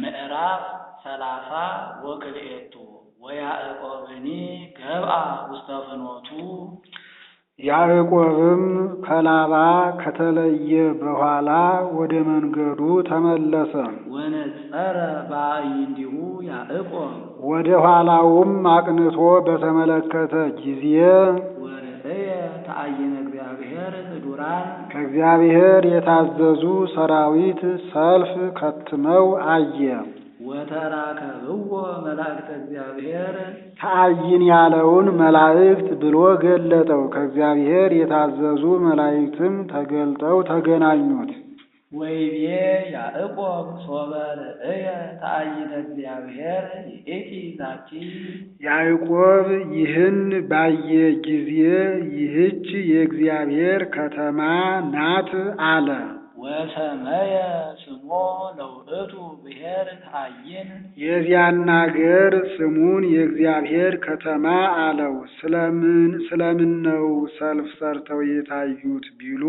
ምዕራፍ ሰላሳ ወክልኤቱ ወያዕቆብኒ ገብአ ውስተ ፍኖቱ ያዕቆብም ከላባ ከተለየ በኋላ ወደ መንገዱ ተመለሰ። ወነጸረ እንዲሁ ያዕቆብ ወደ ኋላውም አቅንቶ በተመለከተ ጊዜ ወርእየ ተአይነ እግዚአብሔር ከእግዚአብሔር የታዘዙ ሰራዊት ሰልፍ ከትመው አየ። ወተራከብዎ መላእክተ እግዚአብሔር ተአይን ያለውን መላእክት ብሎ ገለጠው። ከእግዚአብሔር የታዘዙ መላእክትም ተገልጠው ተገናኙት። ወይቤ ያዕቆብ ሶበ ርእየ ተአይደ እግዚአብሔር ይእቲ ዛቲ። ያዕቆብ ይህን ባየ ጊዜ ይህች የእግዚአብሔር ከተማ ናት አለ። ወሰመየ ስሞ ለውእቱ ብሔር ተአይን። የዚያን አገር ስሙን የእግዚአብሔር ከተማ አለው። ስለምን ስለምን ነው ሰልፍ ሰርተው የታዩት ቢሉ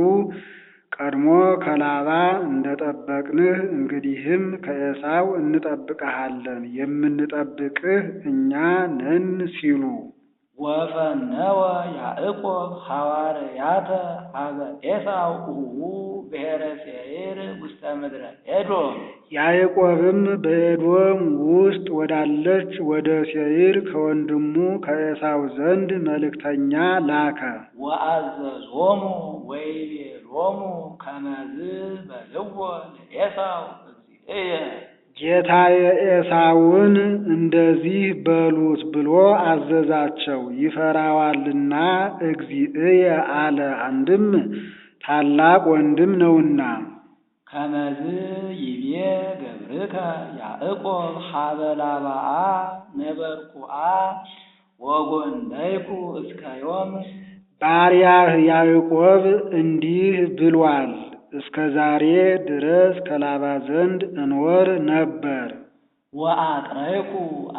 ከላባ እንደጠበቅንህ እንግዲህም ከኤሳው እንጠብቀሃለን የምንጠብቅህ እኛ ነን ሲሉ ወፈነወ ያዕቆብ ሐዋርያተ ሀበ ኤሳው ውእቱ ብሔረ ሴይር ውስተ ምድረ ኤዶም። ያዕቆብም በኤዶም ውስጥ ወዳለች ወደ ሴይር ከወንድሙ ከኤሳው ዘንድ መልእክተኛ ላከ። ወአዘዞሙ ወይቤ ሎሙ ከመዝ በልዎ ለኤሳው እግዚእየ ጌታ ኤሳውን እንደዚህ በሉት ብሎ አዘዛቸው። ይፈራዋልና እግዚእየ አለ፣ አንድም ታላቅ ወንድም ነውና። ከመዝ ይቤ ገብርከ ያዕቆብ ሀበ ላባአ ነበርኩአ ወጎንደይኩ እስከ ዮም ጳሪያህ ያዕቆብ እንዲህ ብሏል፣ እስከ ዛሬ ድረስ ከላባ ዘንድ እኖር ነበር ወአቅረቁ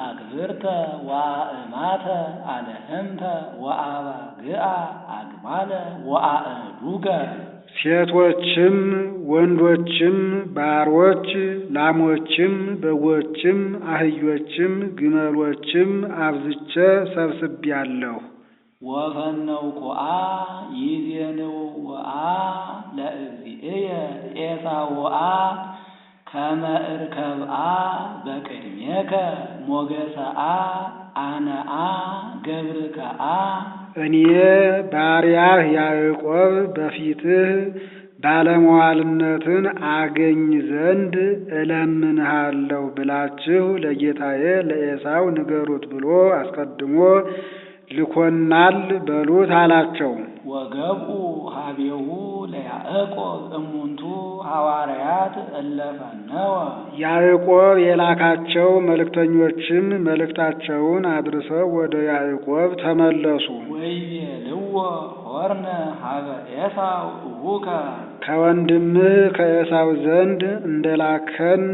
አግብርተ ወአእማተ አለህንተ ወአባግአ አግማለ ወአእዱገ ሴቶችም ወንዶችም ባሮች ላሞችም በጎችም አህዮችም ግመሎችም አብዝቼ ሰብስቤያለሁ። ወፈነው ቁአ ይዜንው ወአ ለእግዚእየ ጤሳ ወአ አ በቅድሜከ አ አነአ ገብርከአ እኔ ባሪያ ያዕቆብ በፊትህ ባለመዋልነትን አገኝ ዘንድ እለምንሃለሁ ብላችሁ ለጌታዬ ለኤሳው ንገሩት ብሎ አስቀድሞ ልኮናል በሉት አላቸው። ወገብኡ ሀቤሁ ለያዕቆብ እሙንቱ ሐዋርያት እለፈነወ ያዕቆብ የላካቸው መልእክተኞችም መልእክታቸውን አድርሰው ወደ ያዕቆብ ተመለሱ። ወይቤልዎ ሆርነ ሀበ ኤሳው እቡከ ከወንድምህ ከኤሳው ዘንድ እንደላከን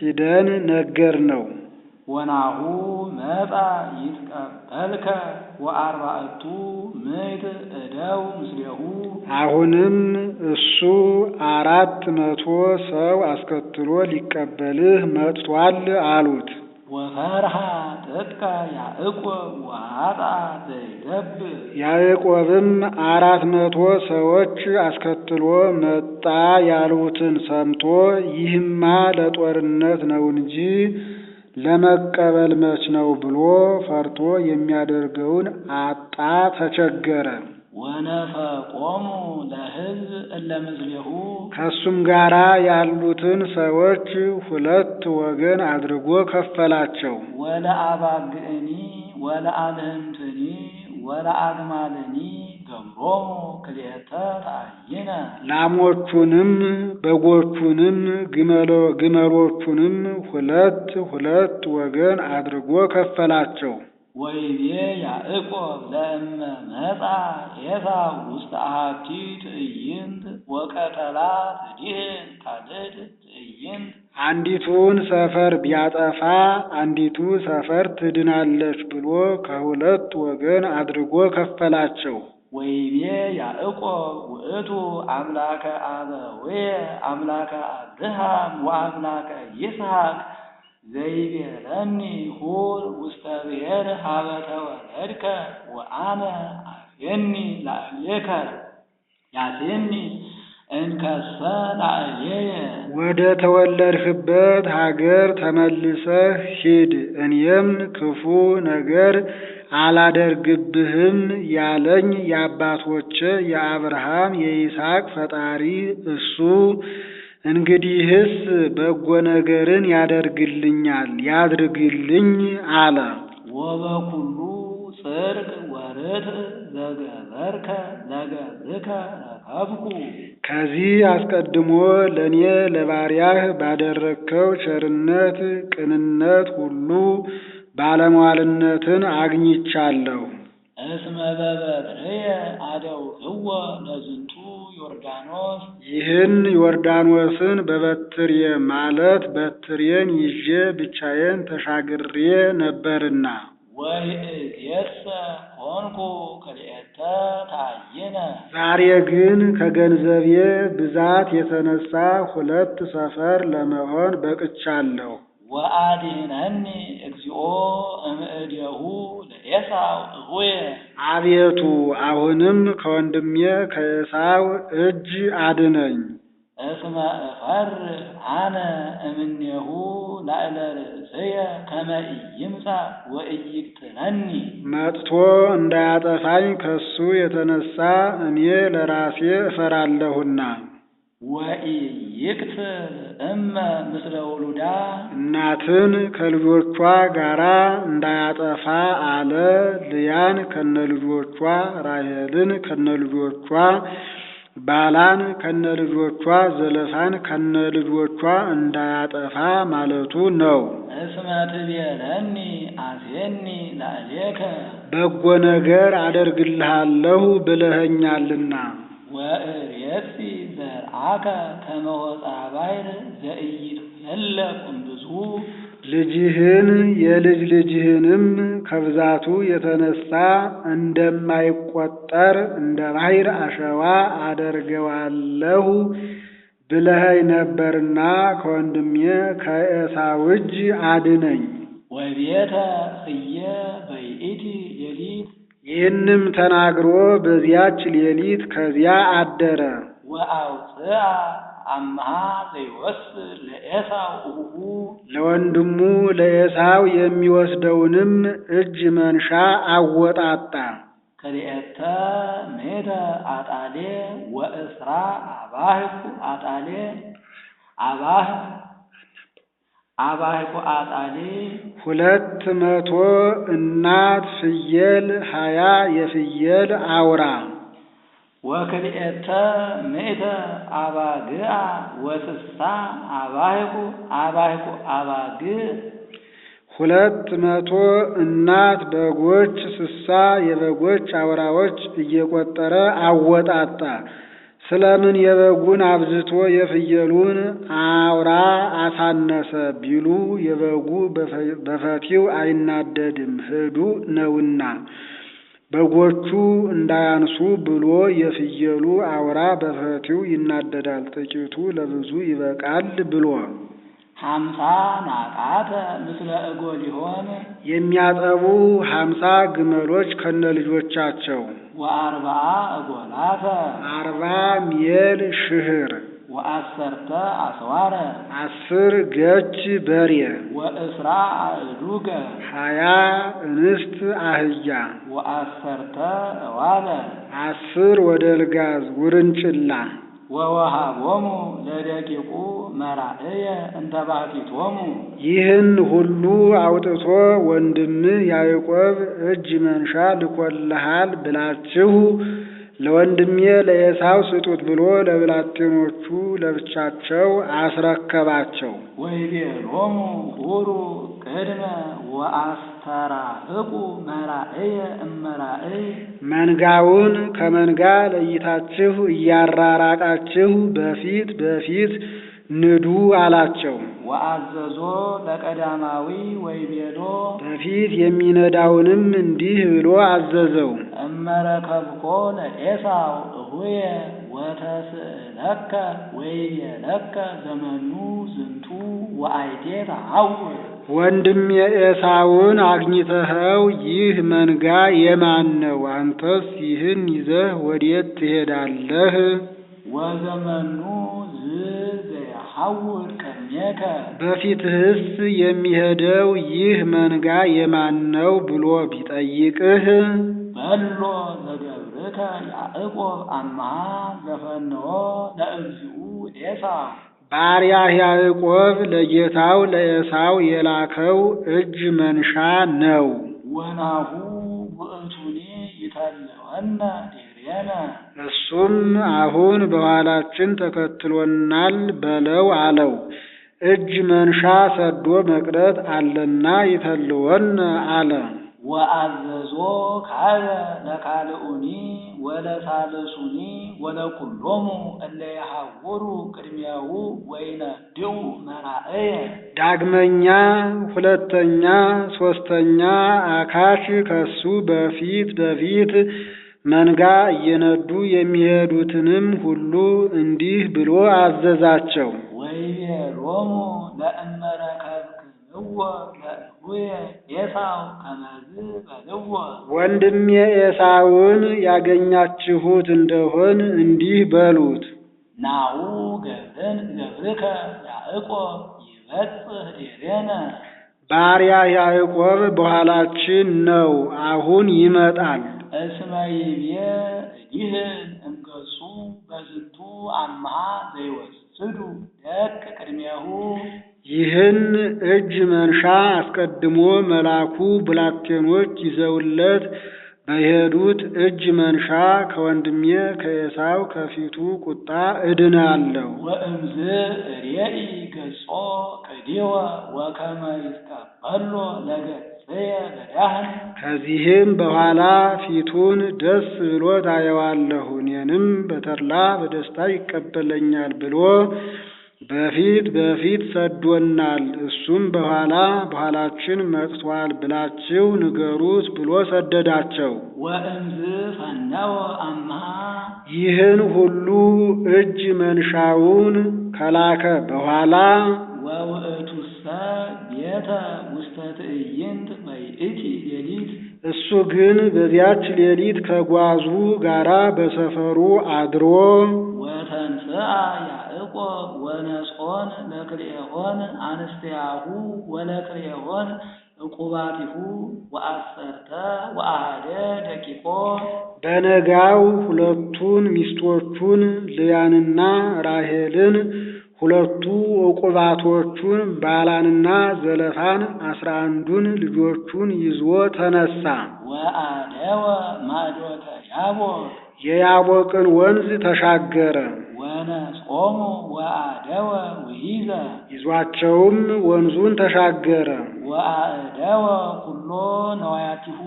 ሂደን ነገር ነው ወናሁ መጣ ይትቀበልከ ወአርባዕቱ ምድ እደው ምስሌሁ። አሁንም እሱ አራት መቶ ሰው አስከትሎ ሊቀበልህ መጥቷል አሉት። ወፈርሃ ጥቀ ያዕቆብ ዋጣ ዘይደብ ያዕቆብም አራት መቶ ሰዎች አስከትሎ መጣ ያሉትን ሰምቶ ይህማ ለጦርነት ነው እንጂ ለመቀበል መች ነው ብሎ ፈርቶ የሚያደርገውን አጣ ተቸገረ። ወነፈቆሙ ለሕዝብ እለ ከእሱም ጋራ ያሉትን ሰዎች ሁለት ወገን አድርጎ ከፈላቸው። ወለአባግእኒ ወለአልህምትኒ ወለአግማልኒ ክልኤተ ተአይነ ላሞቹንም በጎቹንም ግመሎቹንም ሁለት ሁለት ወገን አድርጎ ከፈላቸው። ወይቤ ያዕቆብ ለእመ መጣ ኤሳው ውስተ አሐቲ ትዕይንት ወቀተላ ትዲህን ታልድ ትዕይንት። አንዲቱን ሰፈር ቢያጠፋ አንዲቱ ሰፈር ትድናለች ብሎ ከሁለት ወገን አድርጎ ከፈላቸው። ወይቤ ያዕቆብ ውእቱ አምላከ አበውየ አምላከ አብርሃም ወአምላከ ይስሐቅ ዘይቤረኒ ሁር ውስተ ብሔር ሀበ ተወለድከ ወአነ አፌኒ ላዕሌከ ያሴኒ እንከሰላዕሌየ ወደ ተወለድህበት ሀገር ተመልሰህ ሂድ እኔም ክፉ ነገር አላደርግብህም ያለኝ የአባቶች የአብርሃም የይስሐቅ ፈጣሪ እሱ እንግዲህስ በጎ ነገርን ያደርግልኛል ያድርግልኝ አለ። ወበኩሉ ጽድቅ ወርት ዘገበርከ ለገብርከ ከዚህ አስቀድሞ ለእኔ ለባሪያህ ባደረግከው ቸርነት፣ ቅንነት ሁሉ ባለሟልነትን አግኝቻለሁ። እስመ በበርህየ አደው እወ ለዝንቱ ዮርዳኖስ ይህን ዮርዳኖስን በበትሬ ማለት በትሬን ይዤ ብቻዬን ተሻግሬ ነበርና ወይእዜሰ ኮንኩ ክልኤተ ታይነ። ዛሬ ግን ከገንዘቤ ብዛት የተነሳ ሁለት ሰፈር ለመሆን በቅቻለሁ። ወአድኅነኒ እግዚኦ እምእዴሁ ለኤሳው እጉየ። አቤቱ አሁንም ከወንድሜ ከኤሳው እጅ አድነኝ። እስመ እፈር አነ እምኔሁ ላዕለ ርእስየ ከመ ኢይምጻእ ወኢይቅትለኒ። መጥቶ እንዳያጠፋኝ ከሱ የተነሳ እኔ ለራሴ እፈራለሁና። ወኢይቅትል እመ ምስለ ውሉዳ እናትን ከልጆቿ ጋራ እንዳያጠፋ አለ። ልያን ከነልጆቿ ራሄልን ራሔልን ባላን ከነ ልጆቿ ዘለፋን ከነ ልጆቿ እንዳያጠፋ ማለቱ ነው። እስመ ትቤለኒ አሴኒ ላዕሌከ በጎ ነገር አደርግልሃለሁ ብለኸኛልና። ወእሬሲ ዘርአከ ከመወፃ ባይር ባሕር የለቁም ብዙ ልጅህን የልጅ ልጅህንም ከብዛቱ የተነሳ እንደማይቆጠር እንደ ባሕር አሸዋ አደርገዋለሁ ብለኸኝ ነበርና ከወንድሜ ከዔሳው እጅ አድነኝ። ወቤተ እየ በይእቲ ሌሊት ይህንም ተናግሮ በዚያች ሌሊት ከዚያ አደረ። ወአውፅአ አምሃ ዘይወስድ ለኤሳው እቡሁ ለወንድሙ ለኤሳው የሚወስደውንም እጅ መንሻ አወጣጣ። ከሊኤተ ሜደ አጣሌ ወእስራ አባህኩ አጣሌ አባህ አባህኩ አጣሌ ሁለት መቶ እናት ፍየል ሀያ የፍየል አውራ ወክልኤተ ምእተ አባግአ ወስሳ አባህቁ አባህቁ አባግ ሁለት መቶ እናት በጎች ስሳ የበጎች አውራዎች እየቆጠረ አወጣጣ። ስለምን የበጉን አብዝቶ የፍየሉን አውራ አሳነሰ ቢሉ የበጉ በፈቲው አይናደድም፣ ህዱ ነውና። በጎቹ እንዳያንሱ ብሎ የፍየሉ አውራ በፈቲው ይናደዳል ጥቂቱ ለብዙ ይበቃል ብሎ። ሀምሳ ናቃተ ምስለ ሊሆን የሚያጠቡ ሀምሳ ግመሎች ከነልጆቻቸው ወአርባ እጎላተ አርባ ሚየል ሽህር ወአሰርተ አስዋረ አስር ገች በሬ ወእስራ አእዱገ ሀያ እንስት አህያ ወአሰርተ እዋለ አስር ወደልጋዝ ውርንጭላ ወወሃቦሙ ለደቂቁ መራእየ እንተ ባሕቲቶሙ ይህን ሁሉ አውጥቶ ወንድም ያዕቆብ እጅ መንሻ ልኮልሃል ብላችሁ ለወንድሜ ለኤሳው ስጡት ብሎ ለብላቴኖቹ ለብቻቸው አስረከባቸው። ወይቤሎሙ ሁሩ ቅድመ ወአስተራሕቁ መራእየ እመራእይ መንጋውን ከመንጋ ለይታችሁ እያራራቃችሁ በፊት በፊት ንዱ አላቸው። ወአዘዞ ለቀዳማዊ ወይቤሎ በፊት የሚነዳውንም እንዲህ ብሎ አዘዘው። እመረከብኮ ለኤሳው እሁየ ወተስእለከ ወይቤለከ ዘመኑ ዝንቱ ወአይቴ ተሐውር ወንድም የኤሳውን አግኝተኸው ይህ መንጋ የማን ነው? አንተስ ይህን ይዘህ ወዴት ትሄዳለህ? ወዘመኑ አውቀሜከ በፊትህስ የሚሄደው ይህ መንጋ የማን ነው ብሎ ቢጠይቅህ፣ በሎ ዘገብርከ ያዕቆብ አማ ዘፈንዎ ለእግዚኡ ኤሳው ባሪያህ ያዕቆብ ለጌታው ለኤሳው የላከው እጅ መንሻ ነው። ወናሁ ይታለወነ ዲርየነ እርሱም አሁን በኋላችን ተከትሎናል በለው አለው። እጅ መንሻ ሰዶ መቅረት አለና ይተልወን አለ። ወአዘዞ ካለ ለካልኡኒ ወለሳልሱኒ ወለኩሎሙ እለ የሐውሩ ቅድሚያው ድው መራእየ። ዳግመኛ ሁለተኛ ሶስተኛ አካሽ ከሱ በፊት በፊት መንጋ እየነዱ የሚሄዱትንም ሁሉ እንዲህ ብሎ አዘዛቸው ሮሙ ለእመረከብ እወ ለእቡየ ወንድሜ ኤሳውን ያገኛችሁት እንደሆን እንዲህ በሉት፣ ናሁ ገብርከ ያዕቆብ ይበጽሕ ይሬነ ባሪያ ያዕቆብ በኋላችን ነው፣ አሁን ይመጣል። እስመ ይብየ እዲህን እምገጹ በዝንቱ አምሃ ዘይወስዱ ደቅ ቅድሜሁ ይህን እጅ መንሻ አስቀድሞ መላኩ ብላቴኖች ይዘውለት በሄዱት እጅ መንሻ ከወንድሜ ከኤሳው ከፊቱ ቁጣ እድናለሁ። ወእምዝ ርእይ ገጾ ቅዲወ ወከመ ይትቀበሎ ለገጽየ ከዚህም በኋላ ፊቱን ደስ ብሎ ታየዋለሁ፣ እኔንም በተድላ በደስታ ይቀበለኛል ብሎ በፊት በፊት ሰዶናል እሱም በኋላ በኋላችን መጥቷል ብላችሁ ንገሩት ብሎ ሰደዳቸው። ወእንዝ ፈነወ አማ ይህን ሁሉ እጅ መንሻውን ከላከ በኋላ ወውእቱሰ ቤተ ውስተ ትዕይንት በይእቲ ሌሊት እሱ ግን በዚያች ሌሊት ከጓዙ ጋራ በሰፈሩ አድሮ ወተንስአ ወነጾን ለክልኤሆን አንስቲያሁ ወለክልኤሆን ዕቁባቲሁ ወአሰርተ ወአሃደ ደቂቆ። በነጋው ሁለቱን ሚስቶቹን ልያንና ራሄልን ሁለቱ ዕቁባቶቹን ባላንና ዘለፋን አስራ አንዱን ልጆቹን ይዞ ተነሳ። ወአደወ ማዶተ ያቦ የያቦቅን ወንዝ ተሻገረ። ወነጾሙ ወአደወ ውሂዘ ይዟቸውም ወንዙን ተሻገረ። ወአደወ ሁሎ ነዋያቲሁ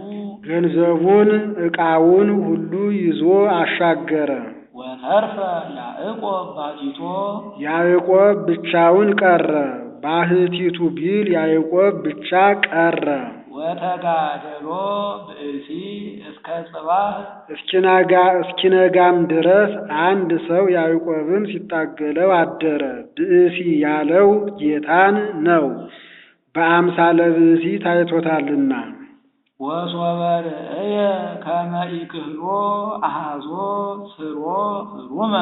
ገንዘቡን ዕቃውን ሁሉ ይዞ አሻገረ። ወተርፈ ያዕቆብ ባቲቶ ያዕቆብ ብቻውን ቀረ። ባህቲቱ ቢል ያዕቆብ ብቻ ቀረ። ወተጋደሎ ብእሲ እስከ ጽባህ እስኪነጋም ድረስ አንድ ሰው ያዕቆብን ሲታገለው አደረ። ብእሲ ያለው ጌታን ነው፣ በአምሳለ ብእሲ ታይቶታልና። ወሶበ ርእየ ከመ ኢክህሎ አሐዞ ስሮ ሩመ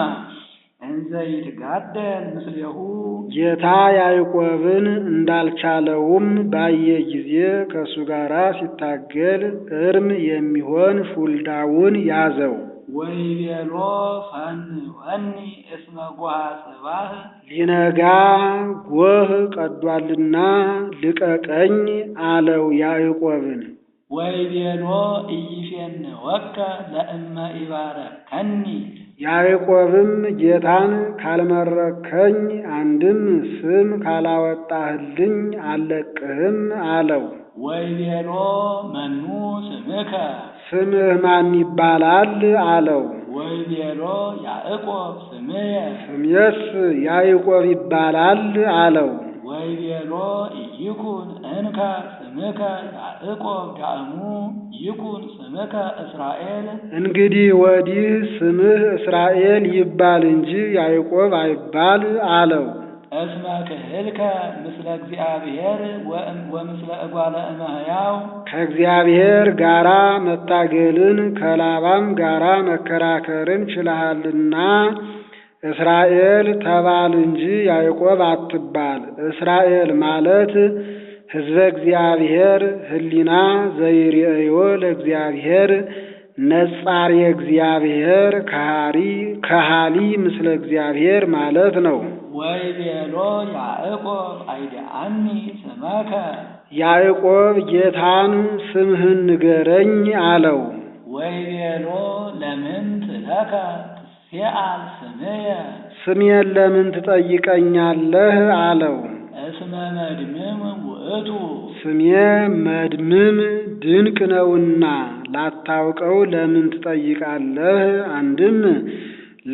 እንዘ ይትጋደል ምስሌሁ ጌታ ያዕቆብን እንዳልቻለውም ባየ ጊዜ ከእሱ ጋር ሲታገል እርም የሚሆን ሹልዳውን ያዘው። ወይቤሎ ፈንወኒ እስመ ጎሃ ጽባህ ሊነጋ ጎህ ቀዷልና ልቀቀኝ አለው ያዕቆብን። እይፌን ወከ ለእመ ከኒ ያዕቆብም ጌታን ካልመረከኝ አንድም ስም ካላወጣህልኝ አልለቅህም አለው። ወይቤሎ መኑ ስምከ ስምህ ማን ይባላል አለው። ወይቤሎ ያዕቆብ ስምየ ስምየስ ያዕቆብ ይባላል አለው። ወይቤሎ ይኩን እንከ ስምከ ያዕቆብ ዳእሙ ይኩን ስምከ እስራኤል። እንግዲህ ወዲህ ስምህ እስራኤል ይባል እንጂ ያዕቆብ አይባል አለው። እስመ ክህልከ ምስለ እግዚአብሔር ወምስለ እጓለ እመሕያው ከእግዚአብሔር ጋራ መታገልን ከላባም ጋራ መከራከርን ችለሃልና እስራኤል ተባል እንጂ ያዕቆብ አትባል። እስራኤል ማለት ሕዝበ እግዚአብሔር ህሊና ዘይርእዮ ለእግዚአብሔር ነጻሪ እግዚአብሔር ከሃሪ ከሃሊ ምስለ እግዚአብሔር ማለት ነው። ወይቤሎ ያዕቆብ አይደአኒ ስመከ ያዕቆብ ጌታን ስምህን ንገረኝ አለው። ወይቤሎ ለምን ትለከ ትሴአል ስሜን ለምን ትጠይቀኛለህ አለው። እስመ መድምም ውእቱ ስሜ መድምም ድንቅ ነውና ላታውቀው ለምን ትጠይቃለህ? አንድም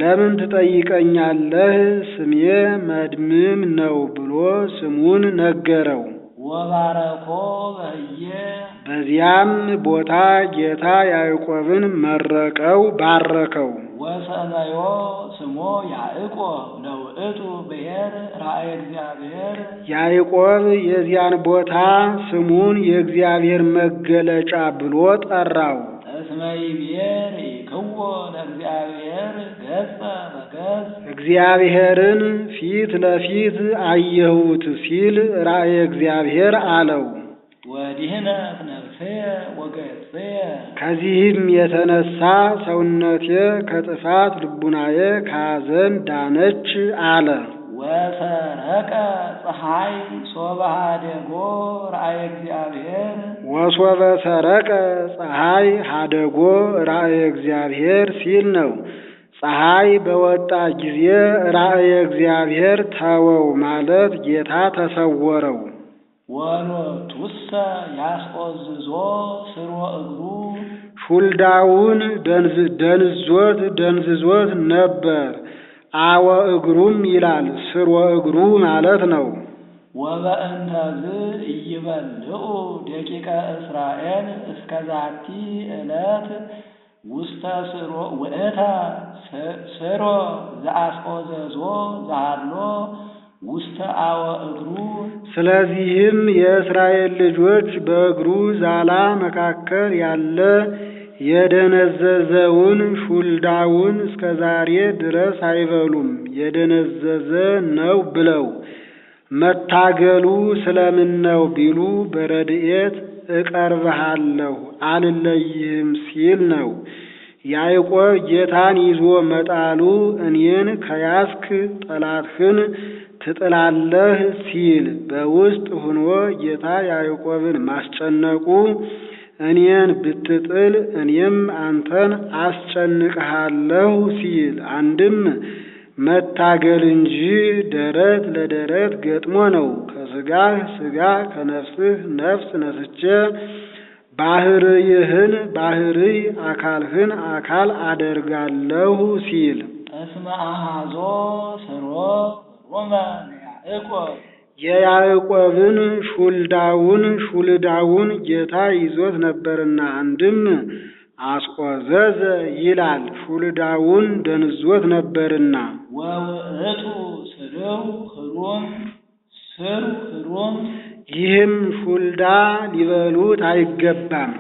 ለምን ትጠይቀኛለህ? ስሜ መድምም ነው ብሎ ስሙን ነገረው። ወባረኮ በህዬ በዚያም ቦታ ጌታ ያዕቆብን መረቀው ባረከው። ወሰመዮ ስሞ ያዕቆብ እጡ ብሔር ራእየ እግዚአብሔር ያዕቆብ የዚያን ቦታ ስሙን የእግዚአብሔር መገለጫ ብሎ ጠራው። እስመ ብሔር ክዎ ለእግዚአብሔር ገጸ በገጽ እግዚአብሔርን ፊት ለፊት አየሁት ሲል ራእየ እግዚአብሔር አለው። ከዚህም የተነሳ ሰውነቴ ከጥፋት ልቡናዬ ከሐዘን ዳነች አለ። ወሰረቀ ፀሐይ ሶባሃ ደጎ ራእየ እግዚአብሔር ወሶበ ሰረቀ ፀሐይ ሀደጎ ራእየ እግዚአብሔር ሲል ነው። ፀሐይ በወጣ ጊዜ ራእየ እግዚአብሔር ተወው ማለት ጌታ ተሰወረው። ቱሰ ያስቆዝዞ ስሮ እግሩ ሹልዳውን ደንዝዞት ደንዝዞት ነበር። አወ እግሩም ይላል ስሮ እግሩ ማለት ነው። ወበእንተዝ እይበልዑ ደቂቀ እስራኤል እስከዛቲ ዛቲ ዕለት ውስተ ስሮ ውእታ ስሮ ዘአስቆዘዞ ዛሃሎ ውስተ እግሩ። ስለዚህም የእስራኤል ልጆች በእግሩ ዛላ መካከል ያለ የደነዘዘውን ሹልዳውን እስከ ዛሬ ድረስ አይበሉም። የደነዘዘ ነው ብለው መታገሉ ስለምን ነው ቢሉ በረድኤት እቀርብሃለሁ አልለይህም ሲል ነው። ያዕቆብ ጌታን ይዞ መጣሉ እኔን ከያዝክ ጠላትህን ትጥላለህ ሲል በውስጥ ሆኖ ጌታ ያዕቆብን ማስጨነቁ እኔን ብትጥል እኔም አንተን አስጨንቅሃለሁ ሲል አንድም መታገል እንጂ ደረት ለደረት ገጥሞ ነው። ከስጋህ ስጋ ከነፍስህ ነፍስ ነስቼ ባህርይህን ባህርይ አካልህን አካል አደርጋለሁ ሲል ተስማአሃዞ ስሮ የያዕቆብን ሹልዳውን ሹልዳውን ጌታ ይዞት ነበርና አንድም አስቆዘዘ ይላል። ሹልዳውን ደንዞት ነበርና ወውእቱ ስርው ክሩም ስር ክሩም ይህም ሹልዳ ሊበሉት አይገባም።